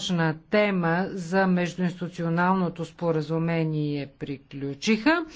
важна тема за междуинституционалното споразумение приключиха.